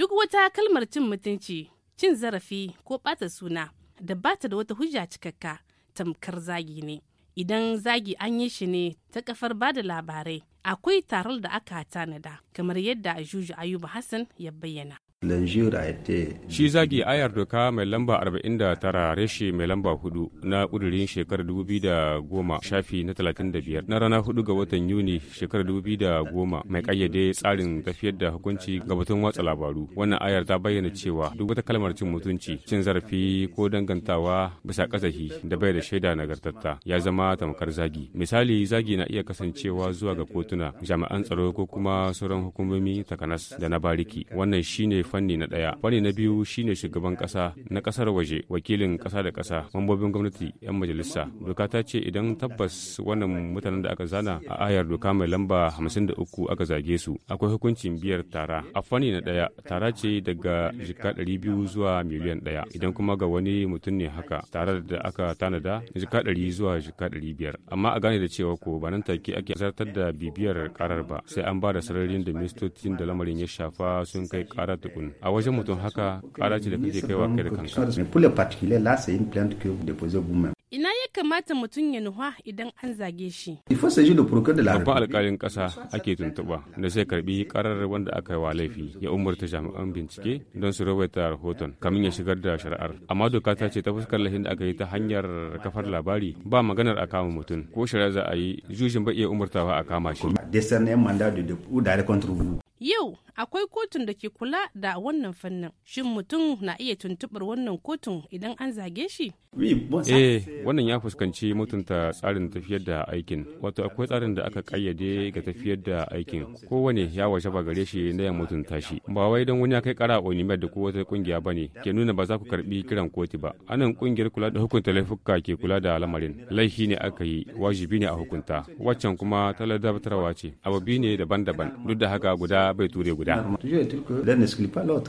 duk wata kalmar cin mutunci cin zarafi ko ɓata suna da bata da wata hujja cikakka tamkar zagi ne idan zagi an yi shi ne ta kafar bada labarai akwai tarar da aka tanada kamar yadda juju ayuba hassan ya bayyana Shi zagi ayar doka mai lamba 49 reshe mai lamba 4 na ƙudurin shekarar 2010 shafi na 35 na rana 4 ga watan Yuni shekarar 2010 mai ƙayyade tsarin tafiyar da hukunci ga batun watsa labaru. Wannan ayar ta bayyana cewa duk wata kalmar cin mutunci, cin zarafi ko dangantawa bisa kasahi da bai da shaida nagartatta ya zama tamkar zagi. Misali zagi na iya kasancewa zuwa ga kotuna, jami'an tsaro ko kuma sauran hukumomi takanas da na bariki. Wannan shine fanni na ɗaya fanni na biyu shine shugaban ƙasa na ƙasar waje wakilin ƙasa da ƙasa mambobin gwamnati 'yan majalisa doka ta ce idan tabbas wannan mutanen da aka zana a ayar doka mai lamba hamsin da 53 aka zage su akwai hukuncin biyar tara a fanni na ɗaya tara ce daga jika 200 zuwa miliyan ɗaya idan kuma ga wani mutum ne haka tare da aka tanada jika 100 zuwa jika 500 amma a gane da cewa ko ba nan take ake zartar da bibiyar karar ba sai an ba da sararin da ministocin da lamarin ya shafa sun kai karar da kun a wajen mutum haka kara ce da kake kaiwa kai da kanka ina ya kamata mutum ya nuha idan an zage shi. Babban alkalin kasa ake tuntuba da sai karbi karar wanda aka yi wa laifi ya umarta jami'an bincike don su rawaita rahoton kamin ya shigar da shari'ar. Amma doka ta ce ta fuskar lahin da aka yi ta hanyar kafar labari ba maganar a kama mutum ko shari'a za a yi jujin ba iya umartawa a kama shi. Yau akwai kotun da ke kula da wannan fannin. Shin mutum na iya tuntuɓar wannan kotun idan an zage shi? Eh, wannan ya fuskanci mutunta tsarin tafiyar da aikin. Wato akwai tsarin da aka kayyade ga tafiyar da aikin. Kowane ya washe ba gare shi na ya mutunta shi. Ba wai don wani ya kai kara Onimed da ko wata kungiya ba ne ke nuna ba za ku karɓi kiran koti ba. Anan kungiyar kula da hukunta laifuka ke kula da lamarin. Laifi ne aka yi, wajibi ne a hukunta. Waccan kuma ta ladabtarwa ce. Abu ne daban-daban. Duk da haka guda guda bai ture guda